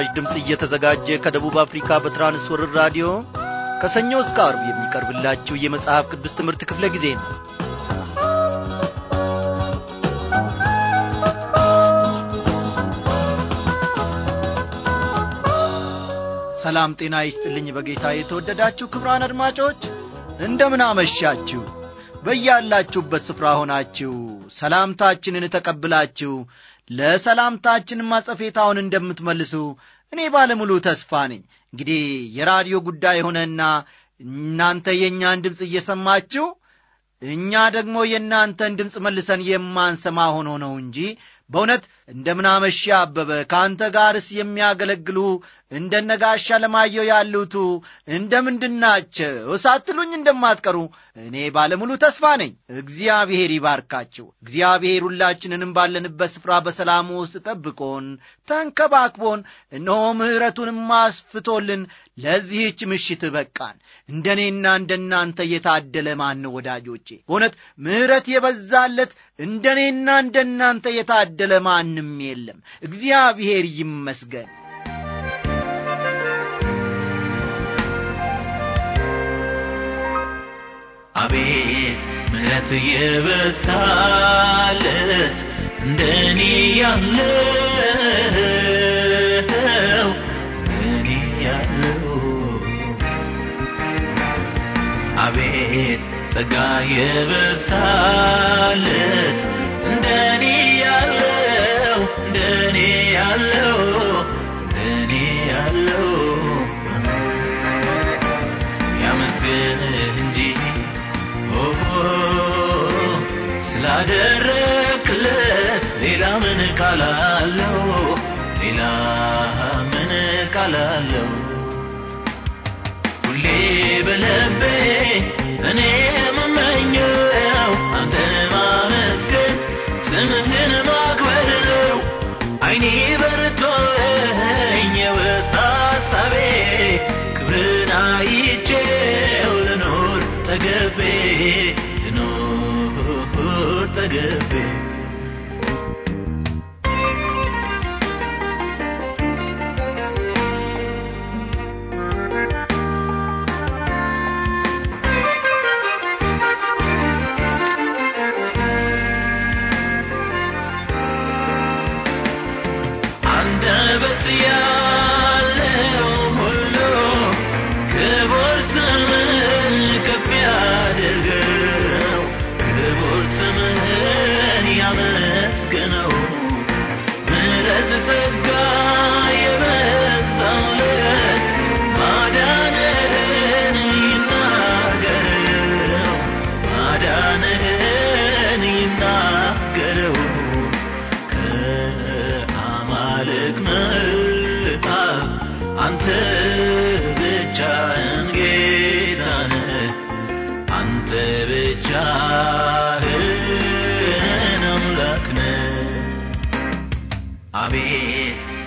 ለመስራች ድምፅ እየተዘጋጀ ከደቡብ አፍሪካ በትራንስወርር ራዲዮ ከሰኞ እስከ አርብ የሚቀርብላችሁ የመጽሐፍ ቅዱስ ትምህርት ክፍለ ጊዜ ነው ሰላም ጤና ይስጥልኝ በጌታ የተወደዳችሁ ክብራን አድማጮች እንደምን አመሻችሁ በያላችሁበት ስፍራ ሆናችሁ ሰላምታችንን ተቀብላችሁ ለሰላምታችን ማጸፌታውን እንደምትመልሱ እኔ ባለሙሉ ተስፋ ነኝ። እንግዲህ የራዲዮ ጉዳይ ሆነና እናንተ የእኛን ድምፅ እየሰማችሁ እኛ ደግሞ የእናንተን ድምፅ መልሰን የማንሰማ ሆኖ ነው እንጂ በእውነት ምናመሽ አበበ ከአንተ ጋርስ የሚያገለግሉ እንደ ነጋሻ ለማየው ያሉቱ እንደምንድናቸው ሳትሉኝ እንደማትቀሩ እኔ ባለሙሉ ተስፋ ነኝ። እግዚአብሔር ይባርካቸው። እግዚአብሔር ሁላችንንም ባለንበት ስፍራ በሰላም ውስጥ ጠብቆን ተንከባክቦን፣ እነሆ ምሕረቱን ማስፍቶልን ለዚህች ምሽት በቃን። እንደ እኔና እንደ እናንተ የታደለ ማን ወዳጆቼ? በእውነት ምሕረት የበዛለት እንደ እኔና እንደ እናንተ የታደ የበደለ ማንም የለም። እግዚአብሔር ይመስገን። አቤት ምረት የበታለት እንደኔ ያለ አቤት ጸጋ የበሳለት እንደኔ ያለው እንደኔ ያለው እንደኔ ያለው ያመስግንህ ስላደረክለት ሌላ ምን ቃላለው ሌላ ምን ቃላለው ሁሌ በለቤ እኔ የምመኘው አንተ ስምህን ማክበር ነው አይኔ በርቶልኝ የወጣ ሐሳቤ ክብርን አይቼው ልኖር ተገቤ ልኖር ተገቤ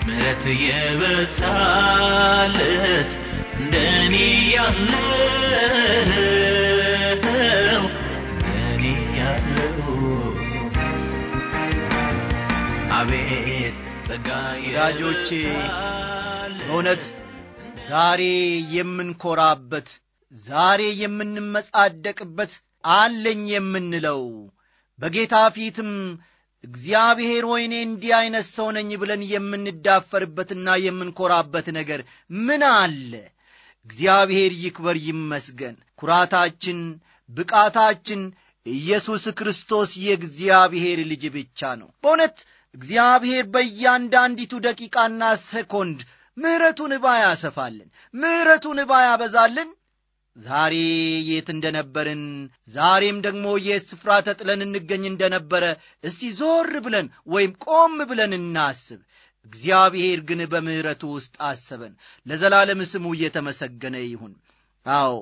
ምረት የበዛለት እንደኒ ያለው ያለው አቤት ጸጋ ወዳጆቼ በእውነት ዛሬ የምንኮራበት ዛሬ የምንመጻደቅበት አለኝ የምንለው በጌታ ፊትም እግዚአብሔር ወይኔ እንዲህ አይነት ሰው ነኝ ብለን የምንዳፈርበትና የምንኮራበት ነገር ምን አለ? እግዚአብሔር ይክበር ይመስገን። ኩራታችን፣ ብቃታችን ኢየሱስ ክርስቶስ የእግዚአብሔር ልጅ ብቻ ነው። በእውነት እግዚአብሔር በእያንዳንዲቱ ደቂቃና ሴኮንድ ምሕረቱን ያሰፋልን፣ ምሕረቱን ያበዛልን ዛሬ የት እንደነበርን ዛሬም ደግሞ የት ስፍራ ተጥለን እንገኝ እንደነበረ እስቲ ዞር ብለን ወይም ቆም ብለን እናስብ። እግዚአብሔር ግን በምሕረቱ ውስጥ አሰበን። ለዘላለም ስሙ እየተመሰገነ ይሁን። አዎ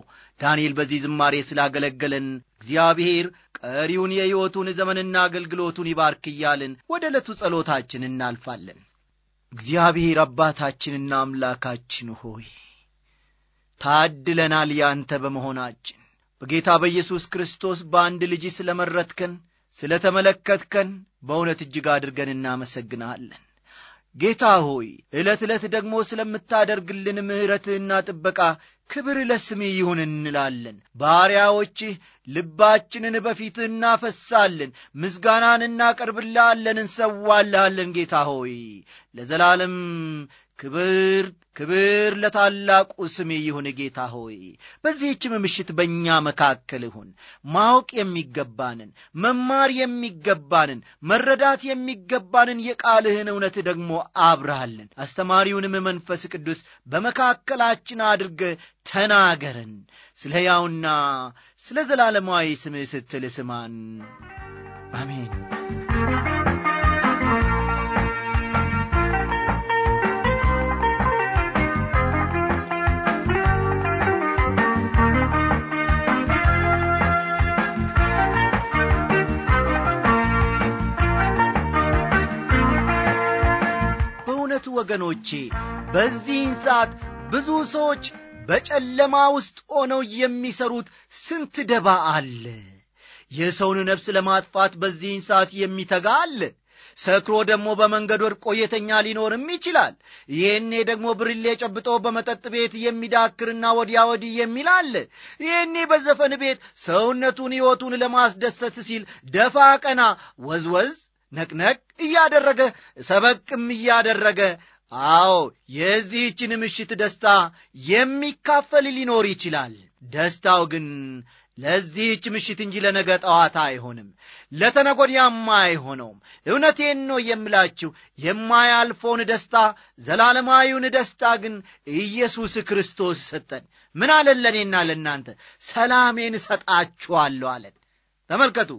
ዳንኤል በዚህ ዝማሬ ስላገለገለን እግዚአብሔር ቀሪውን የሕይወቱን ዘመንና አገልግሎቱን ይባርክ እያልን ወደ ዕለቱ ጸሎታችን እናልፋለን። እግዚአብሔር አባታችንና አምላካችን ሆይ ታድለናል ያንተ በመሆናችን በጌታ በኢየሱስ ክርስቶስ በአንድ ልጅ ስለ መረጥከን ስለ ተመለከትከን በእውነት እጅግ አድርገን እናመሰግናለን ጌታ ሆይ ዕለት ዕለት ደግሞ ስለምታደርግልን ምሕረትህና ጥበቃ ክብር ለስሜ ይሁን እንላለን ባሪያዎችህ ልባችንን በፊትህ እናፈሳለን ምስጋናን እናቀርብልሃለን እንሰዋልሃለን ጌታ ሆይ ለዘላለም ክብር ክብር ለታላቁ ስም ይሁን ጌታ ሆይ በዚህችም ምሽት በእኛ መካከል ይሁን። ማወቅ የሚገባንን መማር የሚገባንን መረዳት የሚገባንን የቃልህን እውነት ደግሞ አብራሃልን። አስተማሪውንም መንፈስ ቅዱስ በመካከላችን አድርገ ተናገርን። ስለ ሕያውና ስለ ዘላለማዊ ስምህ ስትል ስማን። አሜን። ወገኖቼ በዚህን ሰዓት ብዙ ሰዎች በጨለማ ውስጥ ሆነው የሚሰሩት ስንት ደባ አለ። የሰውን ነፍስ ለማጥፋት በዚህን ሰዓት የሚተጋ አለ። ሰክሮ ደግሞ በመንገድ ወድቆ የተኛ ሊኖርም ይችላል። ይህኔ ደግሞ ብርሌ ጨብጦ በመጠጥ ቤት የሚዳክርና ወዲያ ወዲህ የሚል አለ። ይህኔ በዘፈን ቤት ሰውነቱን ሕይወቱን ለማስደሰት ሲል ደፋ ቀና ወዝወዝ ነቅነቅ እያደረገ ሰበቅም እያደረገ አዎ የዚህችን ምሽት ደስታ የሚካፈል ሊኖር ይችላል። ደስታው ግን ለዚህች ምሽት እንጂ ለነገ ጠዋታ አይሆንም፣ ለተነጎድያማ አይሆነውም። እውነቴን ነው የምላችሁ የማያልፈውን ደስታ ዘላለማዊውን ደስታ ግን ኢየሱስ ክርስቶስ ሰጠን። ምን አለን? ለእኔና ለእናንተ ሰላሜን እሰጣችኋለሁ አለን። ተመልከቱ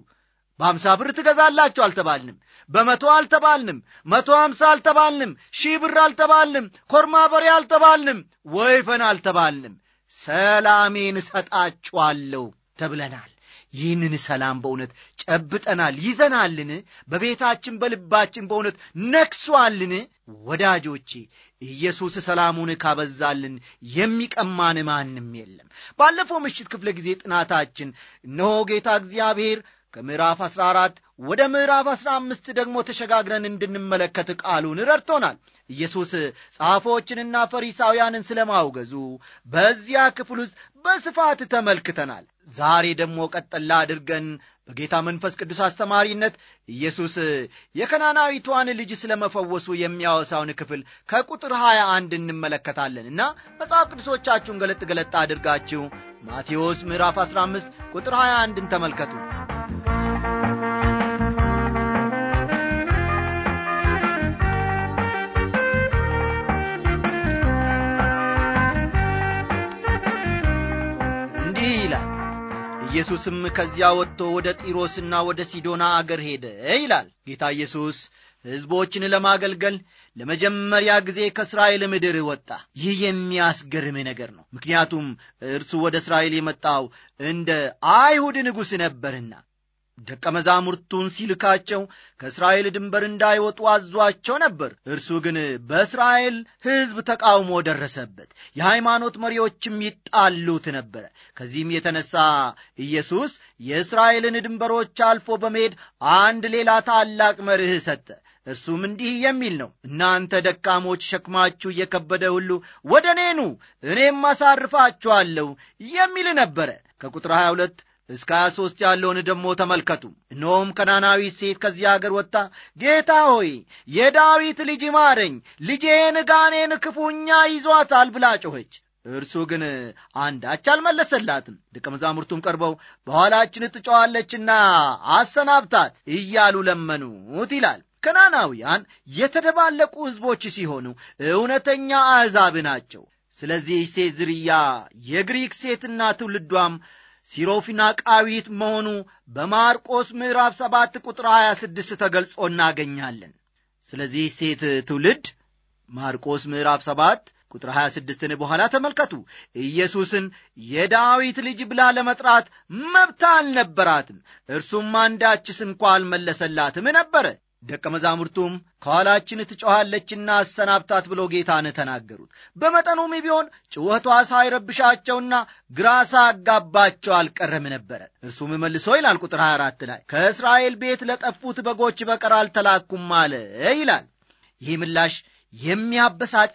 በአምሳ ብር ትገዛላችሁ አልተባልንም። በመቶ አልተባልንም። መቶ አምሳ አልተባልንም። ሺህ ብር አልተባልንም። ኮርማ በሬ አልተባልንም። ወይፈን አልተባልንም። ሰላሜን እሰጣችኋለሁ ተብለናል። ይህንን ሰላም በእውነት ጨብጠናል፣ ይዘናልን? በቤታችን በልባችን በእውነት ነክሷልን? ወዳጆቼ ኢየሱስ ሰላሙን ካበዛልን የሚቀማን ማንም የለም። ባለፈው ምሽት ክፍለ ጊዜ ጥናታችን እነሆ ጌታ እግዚአብሔር ከምዕራፍ 14 ወደ ምዕራፍ 15 ደግሞ ተሸጋግረን እንድንመለከት ቃሉን ረድቶናል። ኢየሱስ ጻፎችንና ፈሪሳውያንን ስለማውገዙ በዚያ ክፍል ውስጥ በስፋት ተመልክተናል። ዛሬ ደግሞ ቀጠላ አድርገን በጌታ መንፈስ ቅዱስ አስተማሪነት ኢየሱስ የከናናዊቷን ልጅ ስለ መፈወሱ የሚያወሳውን ክፍል ከቁጥር 21 እንመለከታለን እና መጽሐፍ ቅዱሶቻችሁን ገለጥ ገለጥ አድርጋችሁ ማቴዎስ ምዕራፍ 15 ቁጥር 21ን ተመልከቱ። ኢየሱስም ከዚያ ወጥቶ ወደ ጢሮስና ወደ ሲዶና አገር ሄደ ይላል። ጌታ ኢየሱስ ሕዝቦችን ለማገልገል ለመጀመሪያ ጊዜ ከእስራኤል ምድር ወጣ። ይህ የሚያስገርም ነገር ነው። ምክንያቱም እርሱ ወደ እስራኤል የመጣው እንደ አይሁድ ንጉሥ ነበርና ደቀ መዛሙርቱን ሲልካቸው ከእስራኤል ድንበር እንዳይወጡ አዟቸው ነበር። እርሱ ግን በእስራኤል ሕዝብ ተቃውሞ ደረሰበት። የሃይማኖት መሪዎችም ይጣሉት ነበረ። ከዚህም የተነሳ ኢየሱስ የእስራኤልን ድንበሮች አልፎ በመሄድ አንድ ሌላ ታላቅ መርህ ሰጠ። እርሱም እንዲህ የሚል ነው። እናንተ ደካሞች ሸክማችሁ እየከበደ ሁሉ ወደ እኔ ኑ፣ እኔም አሳርፋችኋለሁ የሚል ነበረ። ከቁጥር 22 እስከ ሀያ ሦስት ያለውን ደግሞ ተመልከቱ። እነሆም ከናናዊት ሴት ከዚህ አገር ወጥታ ጌታ ሆይ የዳዊት ልጅ ማረኝ፣ ልጄን ጋኔን ክፉኛ ይዟታል ብላ ጮኸች። እርሱ ግን አንዳች አልመለሰላትም። ደቀ መዛሙርቱም ቀርበው በኋላችን ትጮኻለችና አሰናብታት እያሉ ለመኑት ይላል። ከናናውያን የተደባለቁ ሕዝቦች ሲሆኑ እውነተኛ አሕዛብ ናቸው። ስለዚህ ሴት ዝርያ የግሪክ ሴትና ትውልዷም ቃዊት መሆኑ በማርቆስ ምዕራፍ 7 ቁጥር 26 ተገልጾ እናገኛለን። ስለዚህ ሴት ትውልድ ማርቆስ ምዕራፍ 7 ቁጥር 26ን በኋላ ተመልከቱ። ኢየሱስን የዳዊት ልጅ ብላ ለመጥራት መብት አልነበራትም። እርሱም አንዳችስ እንኳ አልመለሰላትም ነበረ። ደቀ መዛሙርቱም ከኋላችን ትጮኋለችና አሰናብታት ብሎ ጌታን ተናገሩት። በመጠኑም ቢሆን ጩኸቷ ሳይረብሻቸውና ግራ ሳያጋባቸው አልቀረም ነበረ። እርሱም መልሶ ይላል ቁጥር 24 ላይ ከእስራኤል ቤት ለጠፉት በጎች በቀር አልተላኩም አለ ይላል። ይህ ምላሽ የሚያበሳጭ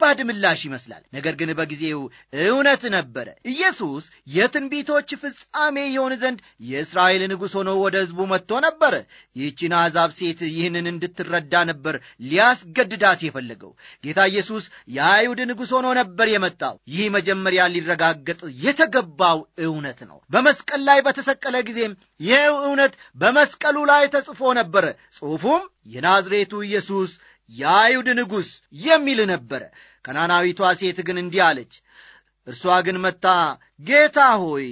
ከባድ ምላሽ ይመስላል። ነገር ግን በጊዜው እውነት ነበረ። ኢየሱስ የትንቢቶች ፍጻሜ የሆን ዘንድ የእስራኤል ንጉሥ ሆኖ ወደ ሕዝቡ መጥቶ ነበረ። ይህችን አሕዛብ ሴት ይህንን እንድትረዳ ነበር ሊያስገድዳት የፈለገው። ጌታ ኢየሱስ የአይሁድ ንጉሥ ሆኖ ነበር የመጣው። ይህ መጀመሪያ ሊረጋገጥ የተገባው እውነት ነው። በመስቀል ላይ በተሰቀለ ጊዜም ይህው እውነት በመስቀሉ ላይ ተጽፎ ነበረ። ጽሑፉም የናዝሬቱ ኢየሱስ የአይሁድ ንጉሥ የሚል ነበረ። ከናናዊቷ ሴት ግን እንዲህ አለች። እርሷ ግን መታ ጌታ ሆይ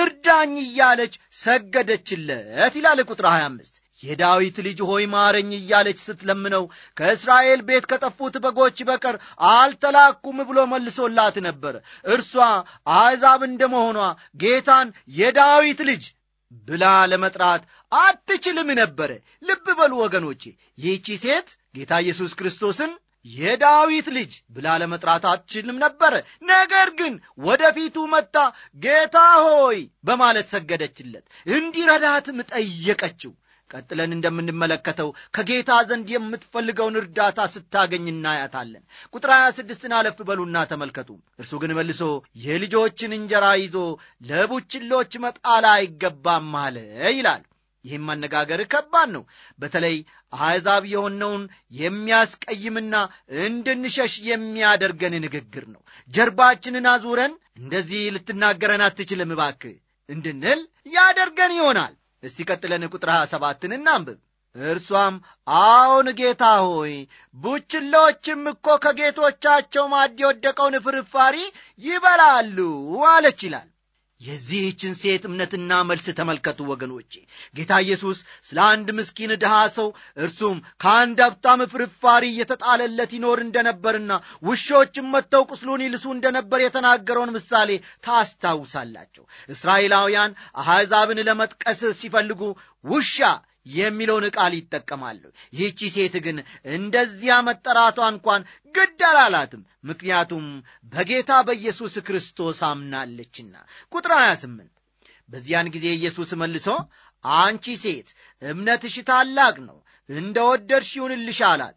እርዳኝ እያለች ሰገደችለት ይላል ቁጥር 25 የዳዊት ልጅ ሆይ ማረኝ እያለች ስትለምነው ከእስራኤል ቤት ከጠፉት በጎች በቀር አልተላኩም ብሎ መልሶላት ነበር። እርሷ አሕዛብ እንደ መሆኗ ጌታን የዳዊት ልጅ ብላ ለመጥራት አትችልም ነበረ። ልብ በሉ ወገኖቼ፣ ይህቺ ሴት ጌታ ኢየሱስ ክርስቶስን የዳዊት ልጅ ብላ ለመጥራት አትችልም ነበረ። ነገር ግን ወደፊቱ መጣ፣ ጌታ ሆይ በማለት ሰገደችለት፣ እንዲረዳትም ጠየቀችው። ቀጥለን እንደምንመለከተው ከጌታ ዘንድ የምትፈልገውን እርዳታ ስታገኝ እናያታለን። ቁጥር 26 ስድስትን አለፍ በሉና ተመልከቱ። እርሱ ግን መልሶ የልጆችን እንጀራ ይዞ ለቡችሎች መጣል አይገባም አለ ይላል። ይህም አነጋገር ከባድ ነው። በተለይ አሕዛብ የሆነውን የሚያስቀይምና እንድንሸሽ የሚያደርገን ንግግር ነው። ጀርባችንን አዙረን እንደዚህ ልትናገረን አትችልም እባክህ እንድንል ያደርገን ይሆናል። እስቲ ቀጥለን ቁጥር ሀያ ሰባትን እናንብብ። እርሷም አዎን ጌታ ሆይ ቡችሎችም እኮ ከጌቶቻቸው ማድ የወደቀውን ፍርፋሪ ይበላሉ አለች ይላል። የዚህችን ሴት እምነትና መልስ ተመልከቱ ወገኖቼ። ጌታ ኢየሱስ ስለ አንድ ምስኪን ድሃ ሰው እርሱም ከአንድ ሀብታም ፍርፋሪ እየተጣለለት ይኖር እንደነበርና ውሾችም መጥተው ቁስሉን ይልሱ እንደነበር የተናገረውን ምሳሌ ታስታውሳላቸው። እስራኤላውያን አሕዛብን ለመጥቀስ ሲፈልጉ ውሻ የሚለውን ቃል ይጠቀማሉ። ይህቺ ሴት ግን እንደዚያ መጠራቷ እንኳን ግድ አላላትም። ምክንያቱም በጌታ በኢየሱስ ክርስቶስ አምናለችና። ቁጥር 28 በዚያን ጊዜ ኢየሱስ መልሶ አንቺ ሴት እምነትሽ ታላቅ ነው፣ እንደ ወደድሽ ይሁንልሽ አላት።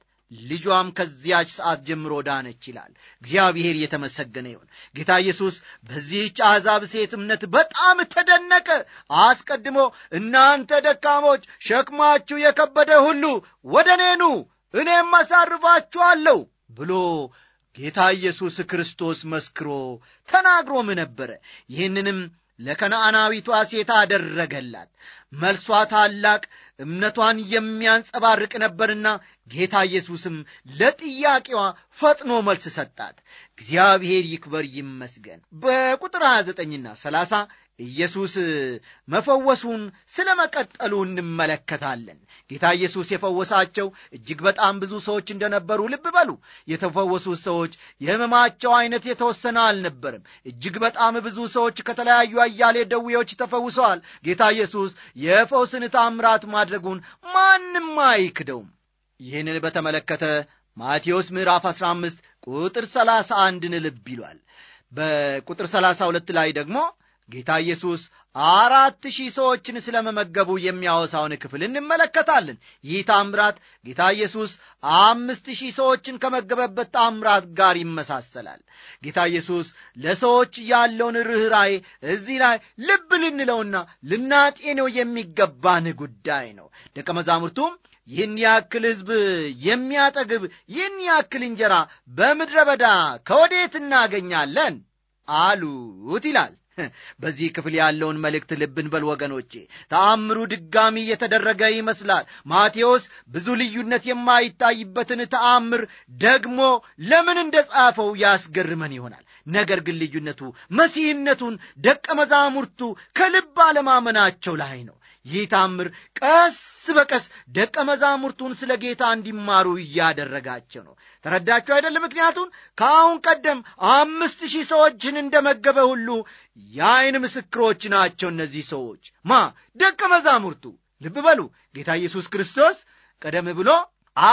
ልጇም ከዚያች ሰዓት ጀምሮ ዳነች ይላል። እግዚአብሔር እየተመሰገነ ይሁን። ጌታ ኢየሱስ በዚህች አሕዛብ ሴት እምነት በጣም ተደነቀ። አስቀድሞ እናንተ ደካሞች፣ ሸክማችሁ የከበደ ሁሉ ወደ እኔ እኔም አሳርፋችኋለሁ ብሎ ጌታ ኢየሱስ ክርስቶስ መስክሮ ተናግሮም ነበረ። ይህንንም ለከነአናዊቷ ሴት አደረገላት። መልሷ ታላቅ እምነቷን የሚያንጸባርቅ ነበርና ጌታ ኢየሱስም ለጥያቄዋ ፈጥኖ መልስ ሰጣት። እግዚአብሔር ይክበር ይመስገን። በቁጥር 29ና 30 ኢየሱስ መፈወሱን ስለ መቀጠሉ እንመለከታለን። ጌታ ኢየሱስ የፈወሳቸው እጅግ በጣም ብዙ ሰዎች እንደነበሩ ልብ በሉ። የተፈወሱት ሰዎች የሕመማቸው አይነት የተወሰነ አልነበርም። እጅግ በጣም ብዙ ሰዎች ከተለያዩ አያሌ ደዌዎች ተፈውሰዋል። ጌታ ኢየሱስ የፈውስን ታምራት ማድረጉን ማንም አይክደውም። ይህንን በተመለከተ ማቴዎስ ምዕራፍ 15 ቁጥር 31ን ልብ ይሏል። በቁጥር 32 ላይ ደግሞ ጌታ ኢየሱስ አራት ሺህ ሰዎችን ስለ መመገቡ የሚያወሳውን ክፍል እንመለከታለን። ይህ ታምራት ጌታ ኢየሱስ አምስት ሺህ ሰዎችን ከመገበበት ታምራት ጋር ይመሳሰላል። ጌታ ኢየሱስ ለሰዎች ያለውን ርኅራዬ እዚህ ላይ ልብ ልንለውና ልናጤነው የሚገባን ጉዳይ ነው። ደቀ መዛሙርቱም ይህን ያክል ሕዝብ የሚያጠግብ ይህን ያክል እንጀራ በምድረ በዳ ከወዴት እናገኛለን አሉት ይላል በዚህ ክፍል ያለውን መልእክት ልብን በል ወገኖቼ። ተአምሩ ድጋሚ እየተደረገ ይመስላል። ማቴዎስ ብዙ ልዩነት የማይታይበትን ተአምር ደግሞ ለምን እንደ ጻፈው ያስገርመን ይሆናል። ነገር ግን ልዩነቱ መሲህነቱን ደቀ መዛሙርቱ ከልብ አለማመናቸው ላይ ነው። ይህ ታምር ቀስ በቀስ ደቀ መዛሙርቱን ስለ ጌታ እንዲማሩ እያደረጋቸው ነው። ተረዳችሁ አይደለም? ምክንያቱም ከአሁን ቀደም አምስት ሺህ ሰዎችን እንደመገበ ሁሉ የአይን ምስክሮች ናቸው እነዚህ ሰዎች። ማ ደቀ መዛሙርቱ። ልብ በሉ ጌታ ኢየሱስ ክርስቶስ ቀደም ብሎ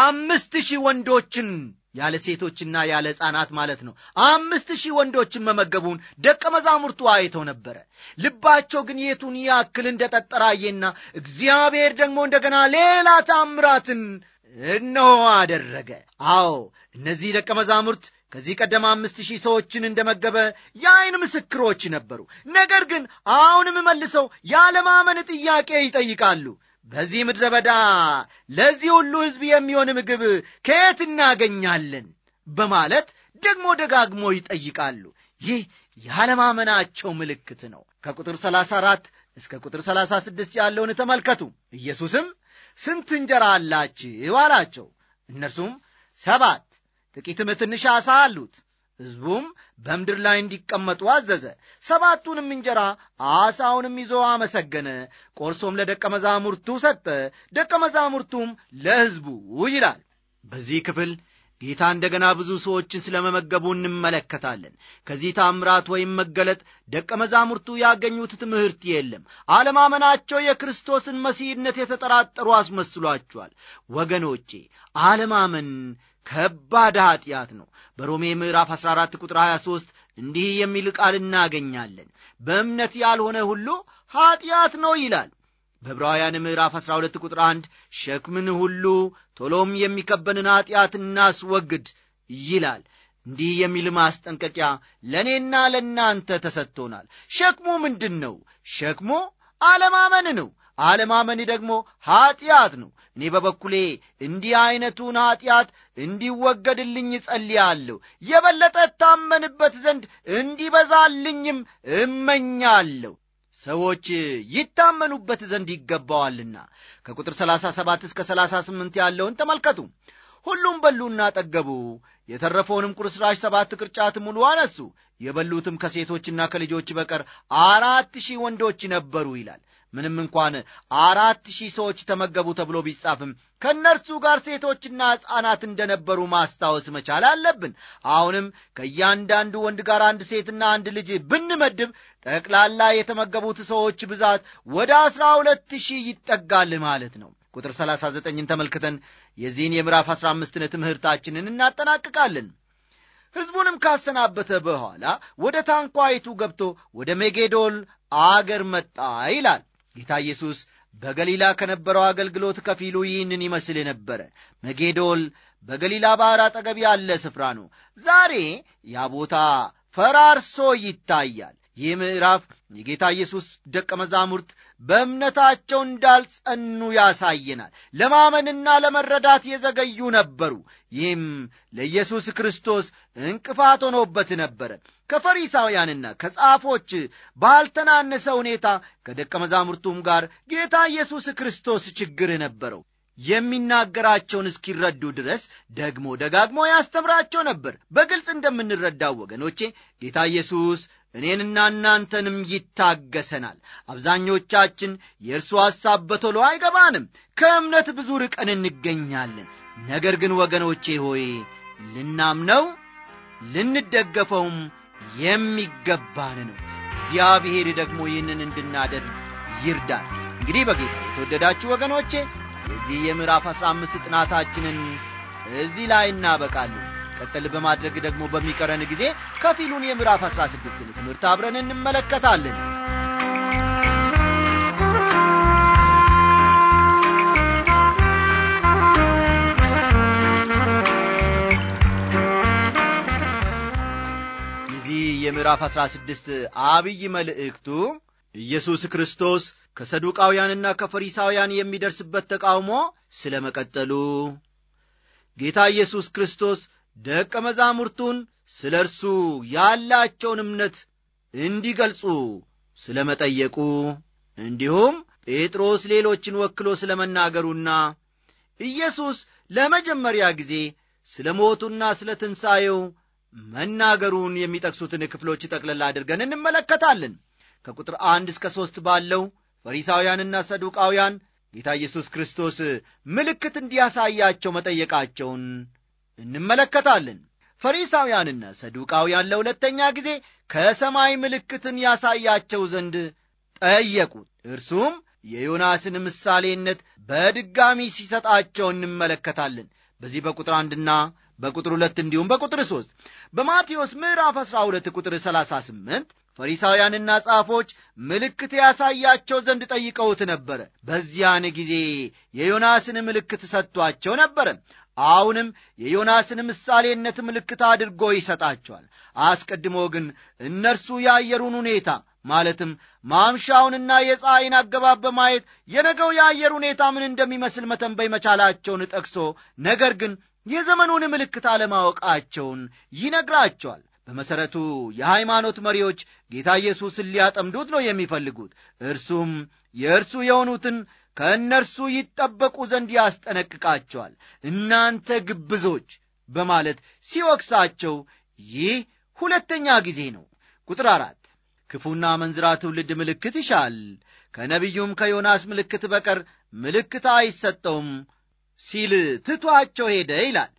አምስት ሺህ ወንዶችን ያለ ሴቶችና ያለ ሕፃናት ማለት ነው። አምስት ሺህ ወንዶችን መመገቡን ደቀ መዛሙርቱ አይተው ነበረ። ልባቸው ግን የቱን ያክል እንደጠጠረ አየና እግዚአብሔር ደግሞ እንደገና ሌላ ታምራትን እነሆ አደረገ። አዎ እነዚህ ደቀ መዛሙርት ከዚህ ቀደም አምስት ሺህ ሰዎችን እንደመገበ የአይን ምስክሮች ነበሩ። ነገር ግን አሁንም መልሰው ያለማመን ጥያቄ ይጠይቃሉ። በዚህ ምድረ በዳ ለዚህ ሁሉ ሕዝብ የሚሆን ምግብ ከየት እናገኛለን በማለት ደግሞ ደጋግሞ ይጠይቃሉ። ይህ ያለማመናቸው ምልክት ነው። ከቁጥር 34 እስከ ቁጥር 36 ያለውን ተመልከቱ። ኢየሱስም ስንት እንጀራ አላችሁ አላቸው። እነርሱም ሰባት፣ ጥቂትም ትንሽ ዓሣ አሉት ሕዝቡም በምድር ላይ እንዲቀመጡ አዘዘ። ሰባቱንም እንጀራ አሳውንም ይዞ አመሰገነ፣ ቆርሶም ለደቀ መዛሙርቱ ሰጠ፣ ደቀ መዛሙርቱም ለሕዝቡ ይላል። በዚህ ክፍል ጌታ እንደገና ብዙ ሰዎችን ስለ መመገቡ እንመለከታለን። ከዚህ ታምራት ወይም መገለጥ ደቀ መዛሙርቱ ያገኙት ትምህርት የለም። አለማመናቸው የክርስቶስን መሲህነት የተጠራጠሩ አስመስሏቸዋል። ወገኖቼ አለማመን ከባድ ኀጢአት ነው። በሮሜ ምዕራፍ 14 ቁጥር 23 እንዲህ የሚል ቃል እናገኛለን። በእምነት ያልሆነ ሁሉ ኀጢአት ነው ይላል። በዕብራውያን ምዕራፍ 12 ቁጥር 1 ሸክምን ሁሉ ቶሎም የሚከበንን ኀጢአት እናስወግድ ይላል። እንዲህ የሚል ማስጠንቀቂያ ለእኔና ለእናንተ ተሰጥቶናል። ሸክሙ ምንድን ነው? ሸክሙ አለማመን ነው። አለማመን ደግሞ ኀጢአት ነው። እኔ በበኩሌ እንዲህ ዐይነቱን ኀጢአት እንዲወገድልኝ እጸልያለሁ። የበለጠ ታመንበት ዘንድ እንዲበዛልኝም እመኛለሁ። ሰዎች ይታመኑበት ዘንድ ይገባዋልና ከቁጥር 37 እስከ 38 ያለውን ተመልከቱ ሁሉም በሉና ጠገቡ የተረፈውንም ቁርስራሽ ሰባት ቅርጫት ሙሉ አነሱ የበሉትም ከሴቶችና ከልጆች በቀር አራት ሺህ ወንዶች ነበሩ ይላል ምንም እንኳን አራት ሺህ ሰዎች ተመገቡ ተብሎ ቢጻፍም ከእነርሱ ጋር ሴቶችና ሕፃናት እንደነበሩ ማስታወስ መቻል አለብን። አሁንም ከእያንዳንዱ ወንድ ጋር አንድ ሴትና አንድ ልጅ ብንመድብ ጠቅላላ የተመገቡት ሰዎች ብዛት ወደ አስራ ሁለት ሺህ ይጠጋል ማለት ነው። ቁጥር 39ን ተመልክተን የዚህን የምዕራፍ 15ን ትምህርታችንን እናጠናቅቃለን። ሕዝቡንም ካሰናበተ በኋላ ወደ ታንኳይቱ ገብቶ ወደ ሜጌዶል አገር መጣ ይላል። ጌታ ኢየሱስ በገሊላ ከነበረው አገልግሎት ከፊሉ ይህንን ይመስል ነበረ። መጌዶል በገሊላ ባሕር አጠገብ ያለ ስፍራ ነው። ዛሬ ያ ቦታ ፈራርሶ ይታያል። ይህ ምዕራፍ የጌታ ኢየሱስ ደቀ መዛሙርት በእምነታቸው እንዳልጸኑ ያሳየናል። ለማመንና ለመረዳት የዘገዩ ነበሩ። ይህም ለኢየሱስ ክርስቶስ እንቅፋት ሆኖበት ነበረ። ከፈሪሳውያንና ከጻፎች ባልተናነሰ ሁኔታ ከደቀ መዛሙርቱም ጋር ጌታ ኢየሱስ ክርስቶስ ችግር ነበረው። የሚናገራቸውን እስኪረዱ ድረስ ደግሞ ደጋግሞ ያስተምራቸው ነበር። በግልጽ እንደምንረዳው ወገኖቼ ጌታ ኢየሱስ እኔንና እናንተንም ይታገሰናል። አብዛኞቻችን የእርሱ ሐሳብ በቶሎ አይገባንም፣ ከእምነት ብዙ ርቀን እንገኛለን። ነገር ግን ወገኖቼ ሆይ ልናምነው ልንደገፈውም የሚገባን ነው። እግዚአብሔር ደግሞ ይህንን እንድናደርግ ይርዳል። እንግዲህ በጌታ የተወደዳችሁ ወገኖቼ የዚህ የምዕራፍ አሥራ አምስት ጥናታችንን እዚህ ላይ እናበቃለን። ቀጠል በማድረግ ደግሞ በሚቀረን ጊዜ ከፊሉን የምዕራፍ 16ን ትምህርት አብረን እንመለከታለን የዚህ የምዕራፍ 16 አብይ መልእክቱ ኢየሱስ ክርስቶስ ከሰዱቃውያንና ከፈሪሳውያን የሚደርስበት ተቃውሞ ስለ መቀጠሉ ጌታ ኢየሱስ ክርስቶስ ደቀ መዛሙርቱን ስለ እርሱ ያላቸውን እምነት እንዲገልጹ ስለ መጠየቁ እንዲሁም ጴጥሮስ ሌሎችን ወክሎ ስለ መናገሩና ኢየሱስ ለመጀመሪያ ጊዜ ስለ ሞቱና ስለ ትንሣኤው መናገሩን የሚጠቅሱትን ክፍሎች ጠቅለል አድርገን እንመለከታለን። ከቁጥር አንድ እስከ ሦስት ባለው ፈሪሳውያንና ሰዱቃውያን ጌታ ኢየሱስ ክርስቶስ ምልክት እንዲያሳያቸው መጠየቃቸውን እንመለከታለን። ፈሪሳውያንና ሰዱቃውያን ለሁለተኛ ጊዜ ከሰማይ ምልክትን ያሳያቸው ዘንድ ጠየቁት። እርሱም የዮናስን ምሳሌነት በድጋሚ ሲሰጣቸው እንመለከታለን። በዚህ በቁጥር አንድና በቁጥር ሁለት እንዲሁም በቁጥር ሦስት በማቴዎስ ምዕራፍ 12 ቁጥር 38 ፈሪሳውያንና ጻፎች ምልክት ያሳያቸው ዘንድ ጠይቀውት ነበረ። በዚያን ጊዜ የዮናስን ምልክት ሰጥቷቸው ነበረ። አሁንም የዮናስን ምሳሌነት ምልክት አድርጎ ይሰጣቸዋል። አስቀድሞ ግን እነርሱ የአየሩን ሁኔታ ማለትም ማምሻውንና የፀሐይን አገባብ በማየት የነገው የአየር ሁኔታ ምን እንደሚመስል መተንበይ መቻላቸውን ጠቅሶ ነገር ግን የዘመኑን ምልክት አለማወቃቸውን ይነግራቸዋል። በመሠረቱ የሃይማኖት መሪዎች ጌታ ኢየሱስን ሊያጠምዱት ነው የሚፈልጉት። እርሱም የእርሱ የሆኑትን ከእነርሱ ይጠበቁ ዘንድ ያስጠነቅቃቸዋል። እናንተ ግብዞች በማለት ሲወቅሳቸው ይህ ሁለተኛ ጊዜ ነው። ቁጥር አራት ክፉና መንዝራ ትውልድ ምልክት ይሻል፣ ከነቢዩም ከዮናስ ምልክት በቀር ምልክት አይሰጠውም ሲል ትቷቸው ሄደ ይላል።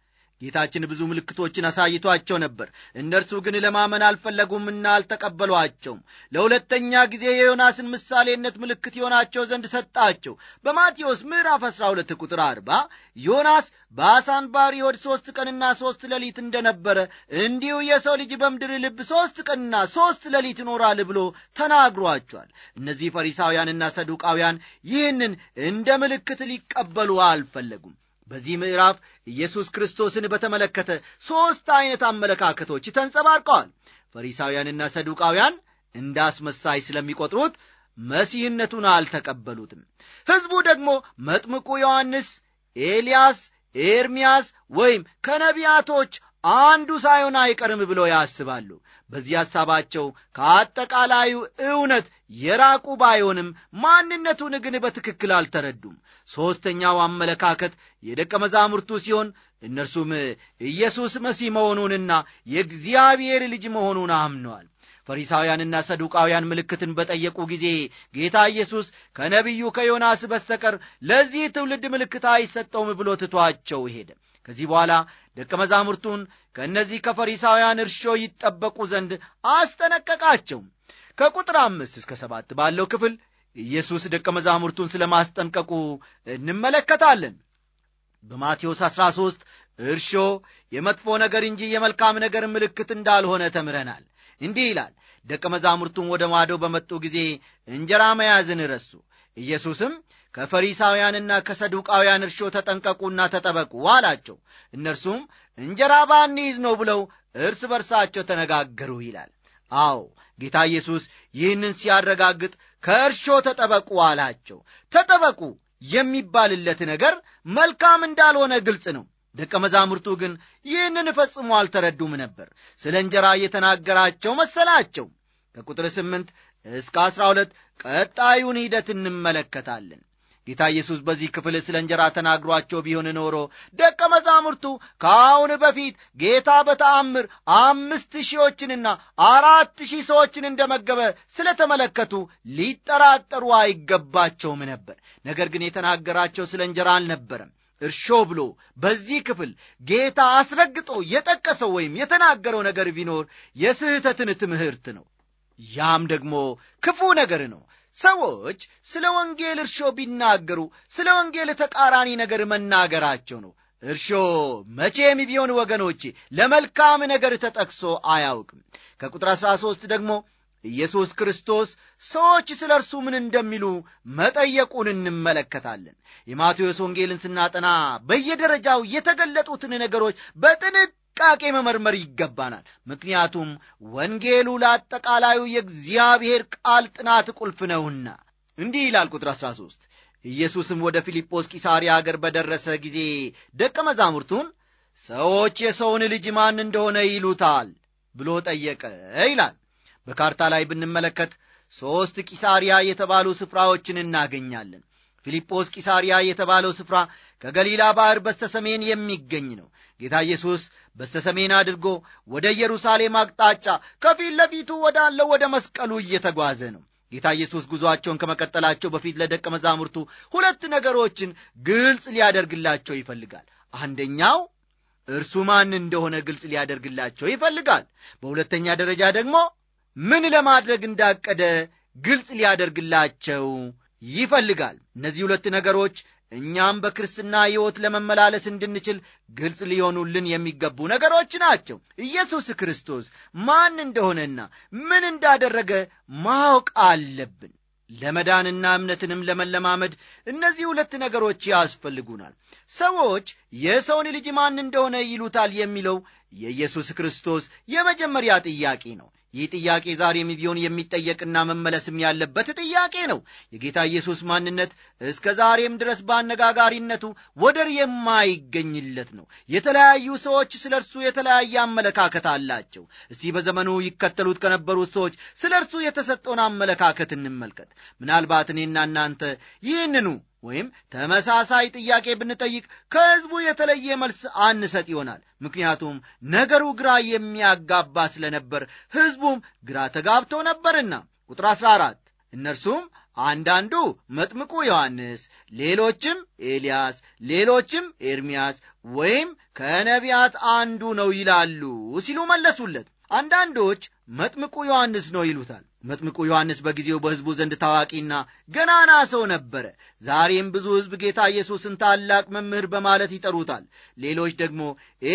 ጌታችን ብዙ ምልክቶችን አሳይቷቸው ነበር። እነርሱ ግን ለማመን አልፈለጉምና አልተቀበሏቸውም። ለሁለተኛ ጊዜ የዮናስን ምሳሌነት ምልክት ይሆናቸው ዘንድ ሰጣቸው። በማቴዎስ ምዕራፍ 12 ቁጥር 40 ዮናስ በአሳ አንባሪ ሆድ ሦስት ቀንና ሦስት ሌሊት እንደነበረ እንዲሁ የሰው ልጅ በምድር ልብ ሦስት ቀንና ሦስት ሌሊት ይኖራል ብሎ ተናግሯቸዋል። እነዚህ ፈሪሳውያንና ሰዱቃውያን ይህንን እንደ ምልክት ሊቀበሉ አልፈለጉም። በዚህ ምዕራፍ ኢየሱስ ክርስቶስን በተመለከተ ሦስት ዐይነት አመለካከቶች ተንጸባርቀዋል። ፈሪሳውያንና ሰዱቃውያን እንደ አስመሳይ ስለሚቆጥሩት መሲህነቱን አልተቀበሉትም። ሕዝቡ ደግሞ መጥምቁ ዮሐንስ፣ ኤልያስ፣ ኤርምያስ ወይም ከነቢያቶች አንዱ ሳይሆን አይቀርም ብለው ያስባሉ። በዚህ ሐሳባቸው ከአጠቃላዩ እውነት የራቁ ባይሆንም ማንነቱን ግን በትክክል አልተረዱም። ሦስተኛው አመለካከት የደቀ መዛሙርቱ ሲሆን እነርሱም ኢየሱስ መሲህ መሆኑንና የእግዚአብሔር ልጅ መሆኑን አምነዋል። ፈሪሳውያንና ሰዱቃውያን ምልክትን በጠየቁ ጊዜ ጌታ ኢየሱስ ከነቢዩ ከዮናስ በስተቀር ለዚህ ትውልድ ምልክት አይሰጠውም ብሎ ትቷቸው ሄደ። ከዚህ በኋላ ደቀ መዛሙርቱን ከእነዚህ ከፈሪሳውያን እርሾ ይጠበቁ ዘንድ አስጠነቀቃቸው ከቁጥር አምስት እስከ ሰባት ባለው ክፍል ኢየሱስ ደቀ መዛሙርቱን ስለ ማስጠንቀቁ እንመለከታለን በማቴዎስ 13 እርሾ የመጥፎ ነገር እንጂ የመልካም ነገር ምልክት እንዳልሆነ ተምረናል እንዲህ ይላል ደቀ መዛሙርቱን ወደ ማዶ በመጡ ጊዜ እንጀራ መያዝን ረሱ ኢየሱስም ከፈሪሳውያንና ከሰዱቃውያን እርሾ ተጠንቀቁና ተጠበቁ አላቸው። እነርሱም እንጀራ ባንይዝ ነው ብለው እርስ በርሳቸው ተነጋገሩ ይላል። አዎ ጌታ ኢየሱስ ይህንን ሲያረጋግጥ ከእርሾ ተጠበቁ አላቸው። ተጠበቁ የሚባልለት ነገር መልካም እንዳልሆነ ግልጽ ነው። ደቀ መዛሙርቱ ግን ይህንን ፈጽሞ አልተረዱም ነበር። ስለ እንጀራ እየተናገራቸው መሰላቸው። ከቁጥር ስምንት እስከ ዐሥራ ሁለት ቀጣዩን ሂደት እንመለከታለን። ጌታ ኢየሱስ በዚህ ክፍል ስለ እንጀራ ተናግሯቸው ቢሆን ኖሮ ደቀ መዛሙርቱ ከአሁን በፊት ጌታ በተአምር አምስት ሺዎችንና አራት ሺህ ሰዎችን እንደመገበ ስለ ተመለከቱ ሊጠራጠሩ አይገባቸውም ነበር። ነገር ግን የተናገራቸው ስለ እንጀራ አልነበረም። እርሾ ብሎ በዚህ ክፍል ጌታ አስረግጦ የጠቀሰው ወይም የተናገረው ነገር ቢኖር የስህተትን ትምህርት ነው። ያም ደግሞ ክፉ ነገር ነው። ሰዎች ስለ ወንጌል እርሾ ቢናገሩ ስለ ወንጌል ተቃራኒ ነገር መናገራቸው ነው። እርሾ መቼም ቢሆን ወገኖቼ ለመልካም ነገር ተጠቅሶ አያውቅም። ከቁጥር 13 ደግሞ ኢየሱስ ክርስቶስ ሰዎች ስለ እርሱ ምን እንደሚሉ መጠየቁን እንመለከታለን። የማቴዎስ ወንጌልን ስናጠና በየደረጃው የተገለጡትን ነገሮች በጥንት በጥንቃቄ መመርመር ይገባናል። ምክንያቱም ወንጌሉ ለአጠቃላዩ የእግዚአብሔር ቃል ጥናት ቁልፍ ነውና። እንዲህ ይላል ቁጥር 13 ኢየሱስም ወደ ፊልጶስ ቂሳርያ አገር በደረሰ ጊዜ ደቀ መዛሙርቱን ሰዎች የሰውን ልጅ ማን እንደሆነ ይሉታል ብሎ ጠየቀ ይላል። በካርታ ላይ ብንመለከት ሦስት ቂሳርያ የተባሉ ስፍራዎችን እናገኛለን። ፊልጶስ ቂሳርያ የተባለው ስፍራ ከገሊላ ባሕር በስተ ሰሜን የሚገኝ ነው። ጌታ ኢየሱስ በስተ ሰሜን አድርጎ ወደ ኢየሩሳሌም አቅጣጫ ከፊት ለፊቱ ወዳለው ወደ መስቀሉ እየተጓዘ ነው። ጌታ ኢየሱስ ጉዞአቸውን ከመቀጠላቸው በፊት ለደቀ መዛሙርቱ ሁለት ነገሮችን ግልጽ ሊያደርግላቸው ይፈልጋል። አንደኛው እርሱ ማን እንደሆነ ግልጽ ሊያደርግላቸው ይፈልጋል። በሁለተኛ ደረጃ ደግሞ ምን ለማድረግ እንዳቀደ ግልጽ ሊያደርግላቸው ይፈልጋል። እነዚህ ሁለት ነገሮች እኛም በክርስትና ሕይወት ለመመላለስ እንድንችል ግልጽ ሊሆኑልን የሚገቡ ነገሮች ናቸው። ኢየሱስ ክርስቶስ ማን እንደሆነና ምን እንዳደረገ ማወቅ አለብን። ለመዳንና እምነትንም ለመለማመድ እነዚህ ሁለት ነገሮች ያስፈልጉናል። ሰዎች የሰውን ልጅ ማን እንደሆነ ይሉታል የሚለው የኢየሱስ ክርስቶስ የመጀመሪያ ጥያቄ ነው። ይህ ጥያቄ ዛሬም ቢሆን የሚጠየቅና መመለስም ያለበት ጥያቄ ነው። የጌታ ኢየሱስ ማንነት እስከ ዛሬም ድረስ በአነጋጋሪነቱ ወደር የማይገኝለት ነው። የተለያዩ ሰዎች ስለ እርሱ የተለያየ አመለካከት አላቸው። እስቲ በዘመኑ ይከተሉት ከነበሩት ሰዎች ስለ እርሱ የተሰጠውን አመለካከት እንመልከት። ምናልባት እኔና እናንተ ይህንኑ ወይም ተመሳሳይ ጥያቄ ብንጠይቅ ከሕዝቡ የተለየ መልስ አንሰጥ ይሆናል። ምክንያቱም ነገሩ ግራ የሚያጋባ ስለነበር፣ ሕዝቡም ግራ ተጋብቶ ነበርና። ቁጥር 14 እነርሱም አንዳንዱ መጥምቁ ዮሐንስ፣ ሌሎችም ኤልያስ፣ ሌሎችም ኤርምያስ ወይም ከነቢያት አንዱ ነው ይላሉ ሲሉ መለሱለት። አንዳንዶች መጥምቁ ዮሐንስ ነው ይሉታል። መጥምቁ ዮሐንስ በጊዜው በሕዝቡ ዘንድ ታዋቂና ገናና ሰው ነበረ። ዛሬም ብዙ ሕዝብ ጌታ ኢየሱስን ታላቅ መምህር በማለት ይጠሩታል። ሌሎች ደግሞ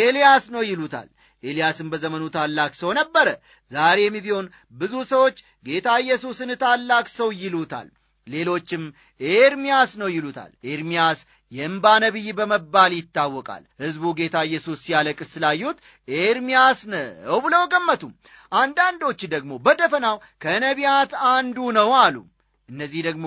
ኤልያስ ነው ይሉታል። ኤልያስም በዘመኑ ታላቅ ሰው ነበረ። ዛሬም ቢሆን ብዙ ሰዎች ጌታ ኢየሱስን ታላቅ ሰው ይሉታል። ሌሎችም ኤርምያስ ነው ይሉታል። ኤርምያስ የእምባ ነቢይ በመባል ይታወቃል። ሕዝቡ ጌታ ኢየሱስ ሲያለቅስ ስላዩት ኤርምያስ ነው ብለው ገመቱ። አንዳንዶች ደግሞ በደፈናው ከነቢያት አንዱ ነው አሉ። እነዚህ ደግሞ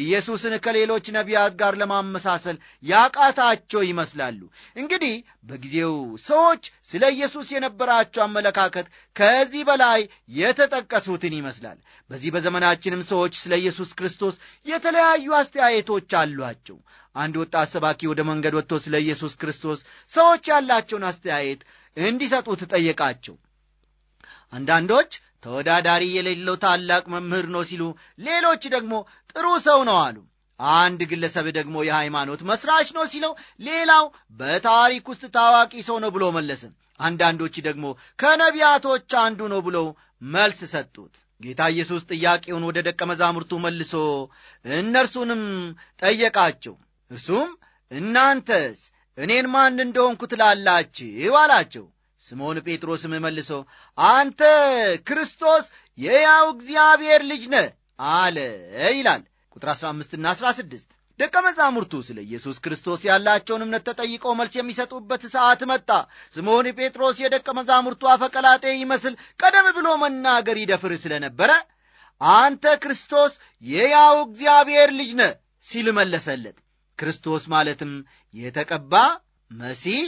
ኢየሱስን ከሌሎች ነቢያት ጋር ለማመሳሰል ያቃታቸው ይመስላሉ። እንግዲህ በጊዜው ሰዎች ስለ ኢየሱስ የነበራቸው አመለካከት ከዚህ በላይ የተጠቀሱትን ይመስላል። በዚህ በዘመናችንም ሰዎች ስለ ኢየሱስ ክርስቶስ የተለያዩ አስተያየቶች አሏቸው። አንድ ወጣት ሰባኪ ወደ መንገድ ወጥቶ ስለ ኢየሱስ ክርስቶስ ሰዎች ያላቸውን አስተያየት እንዲሰጡ ትጠየቃቸው አንዳንዶች ተወዳዳሪ የሌለው ታላቅ መምህር ነው ሲሉ፣ ሌሎች ደግሞ ጥሩ ሰው ነው አሉ። አንድ ግለሰብ ደግሞ የሃይማኖት መስራች ነው ሲለው፣ ሌላው በታሪክ ውስጥ ታዋቂ ሰው ነው ብሎ መለሰ። አንዳንዶች ደግሞ ከነቢያቶች አንዱ ነው ብለው መልስ ሰጡት። ጌታ ኢየሱስ ጥያቄውን ወደ ደቀ መዛሙርቱ መልሶ እነርሱንም ጠየቃቸው። እርሱም እናንተስ እኔን ማን እንደሆንኩ ትላላችሁ አላቸው። ስምዖን ጴጥሮስም መልሶ አንተ ክርስቶስ የያው እግዚአብሔር ልጅ ነ አለ ይላል ቁጥር 15ና 16 ደቀ መዛሙርቱ ስለ ኢየሱስ ክርስቶስ ያላቸውን እምነት ተጠይቀው መልስ የሚሰጡበት ሰዓት መጣ። ስምዖን ጴጥሮስ የደቀ መዛሙርቱ አፈቀላጤ ይመስል ቀደም ብሎ መናገር ይደፍር ስለነበረ አንተ ክርስቶስ የያው እግዚአብሔር ልጅ ነ ሲል መለሰለት። ክርስቶስ ማለትም የተቀባ መሲህ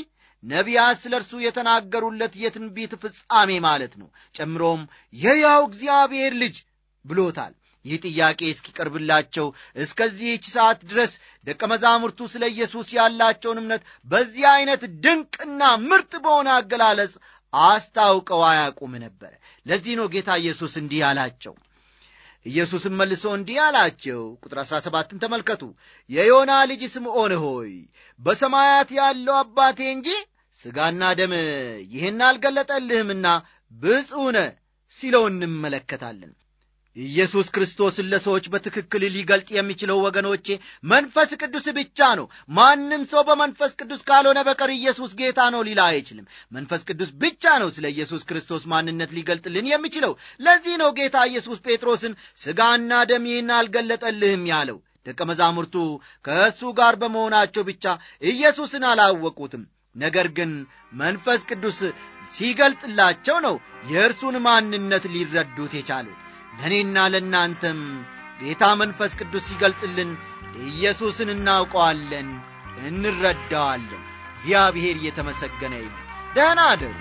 ነቢያት ስለ እርሱ የተናገሩለት የትንቢት ፍጻሜ ማለት ነው። ጨምሮም የያው እግዚአብሔር ልጅ ብሎታል። ይህ ጥያቄ እስኪቀርብላቸው እስከዚህች ሰዓት ድረስ ደቀ መዛሙርቱ ስለ ኢየሱስ ያላቸውን እምነት በዚህ ዐይነት ድንቅና ምርጥ በሆነ አገላለጽ አስታውቀው አያውቁም ነበረ። ለዚህ ነው ጌታ ኢየሱስ እንዲህ አላቸው ኢየሱስም መልሶ እንዲህ አላቸው። ቁጥር አሥራ ሰባትን ተመልከቱ። የዮና ልጅ ስምዖን ሆይ በሰማያት ያለው አባቴ እንጂ ሥጋና ደም ይህን አልገለጠልህምና ብፁነ ሲለው እንመለከታለን። ኢየሱስ ክርስቶስን ለሰዎች በትክክል ሊገልጥ የሚችለው ወገኖቼ መንፈስ ቅዱስ ብቻ ነው። ማንም ሰው በመንፈስ ቅዱስ ካልሆነ በቀር ኢየሱስ ጌታ ነው ሊል አይችልም። መንፈስ ቅዱስ ብቻ ነው ስለ ኢየሱስ ክርስቶስ ማንነት ሊገልጥልን የሚችለው። ለዚህ ነው ጌታ ኢየሱስ ጴጥሮስን ሥጋና ደም ይህን አልገለጠልህም ያለው። ደቀ መዛሙርቱ ከእሱ ጋር በመሆናቸው ብቻ ኢየሱስን አላወቁትም። ነገር ግን መንፈስ ቅዱስ ሲገልጥላቸው ነው የእርሱን ማንነት ሊረዱት የቻሉት። ለእኔና ለእናንተም ጌታ መንፈስ ቅዱስ ሲገልጽልን ኢየሱስን እናውቀዋለን፣ እንረዳዋለን። እግዚአብሔር እየተመሰገነ ይሁን። ደህና አደሩ።